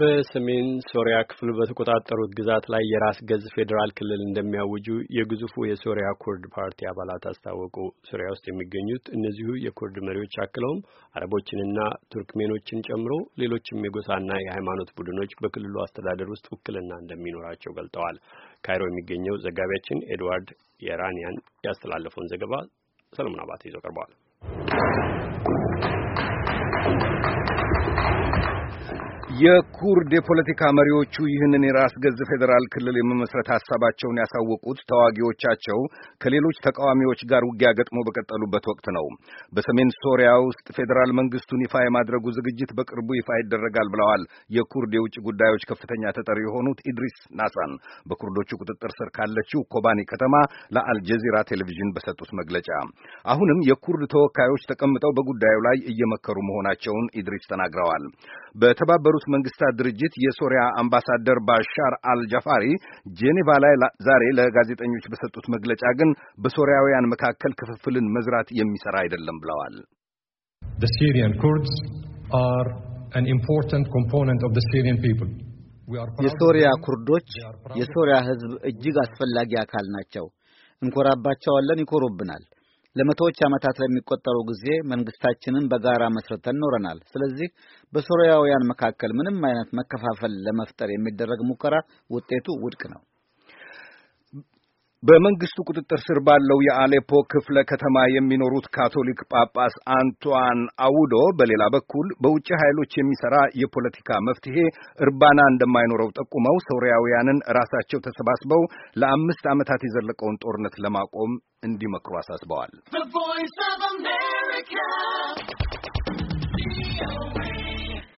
በሰሜን ሶሪያ ክፍል በተቆጣጠሩት ግዛት ላይ የራስ ገዝ ፌዴራል ክልል እንደሚያውጁ የግዙፉ የሶሪያ ኩርድ ፓርቲ አባላት አስታወቁ። ሶሪያ ውስጥ የሚገኙት እነዚሁ የኩርድ መሪዎች አክለውም አረቦችንና ቱርክሜኖችን ጨምሮ ሌሎችም የጎሳና የሃይማኖት ቡድኖች በክልሉ አስተዳደር ውስጥ ውክልና እንደሚኖራቸው ገልጠዋል። ካይሮ የሚገኘው ዘጋቢያችን ኤድዋርድ የራኒያን ያስተላለፈውን ዘገባ ሰለሞን አባተ ይዞ ቀርበዋል። የኩርድ የፖለቲካ መሪዎቹ ይህንን የራስ ገዝ ፌዴራል ክልል የመመስረት ሀሳባቸውን ያሳወቁት ተዋጊዎቻቸው ከሌሎች ተቃዋሚዎች ጋር ውጊያ ገጥሞ በቀጠሉበት ወቅት ነው። በሰሜን ሶሪያ ውስጥ ፌዴራል መንግስቱን ይፋ የማድረጉ ዝግጅት በቅርቡ ይፋ ይደረጋል ብለዋል የኩርድ የውጭ ጉዳዮች ከፍተኛ ተጠሪ የሆኑት ኢድሪስ ናሳን በኩርዶቹ ቁጥጥር ስር ካለችው ኮባኒ ከተማ ለአልጀዚራ ቴሌቪዥን በሰጡት መግለጫ። አሁንም የኩርድ ተወካዮች ተቀምጠው በጉዳዩ ላይ እየመከሩ መሆናቸውን ኢድሪስ ተናግረዋል። በተባበሩት የተባበሩት መንግስታት ድርጅት የሶሪያ አምባሳደር ባሻር አልጃፋሪ ጄኔቫ ላይ ዛሬ ለጋዜጠኞች በሰጡት መግለጫ ግን በሶሪያውያን መካከል ክፍፍልን መዝራት የሚሰራ አይደለም ብለዋል። የሶሪያ ኩርዶች የሶሪያ ህዝብ እጅግ አስፈላጊ አካል ናቸው። እንኮራባቸዋለን፣ ይኮሩብናል። ለመቶዎች ዓመታት ለሚቆጠሩ ጊዜ መንግስታችንን በጋራ መስርተን ኖረናል። ስለዚህ በሶርያውያን መካከል ምንም አይነት መከፋፈል ለመፍጠር የሚደረግ ሙከራ ውጤቱ ውድቅ ነው። በመንግስቱ ቁጥጥር ስር ባለው የአሌፖ ክፍለ ከተማ የሚኖሩት ካቶሊክ ጳጳስ አንቷን አውዶ በሌላ በኩል በውጭ ኃይሎች የሚሰራ የፖለቲካ መፍትሄ እርባና እንደማይኖረው ጠቁመው ሶሪያውያንን ራሳቸው ተሰባስበው ለአምስት ዓመታት የዘለቀውን ጦርነት ለማቆም እንዲመክሩ አሳስበዋል።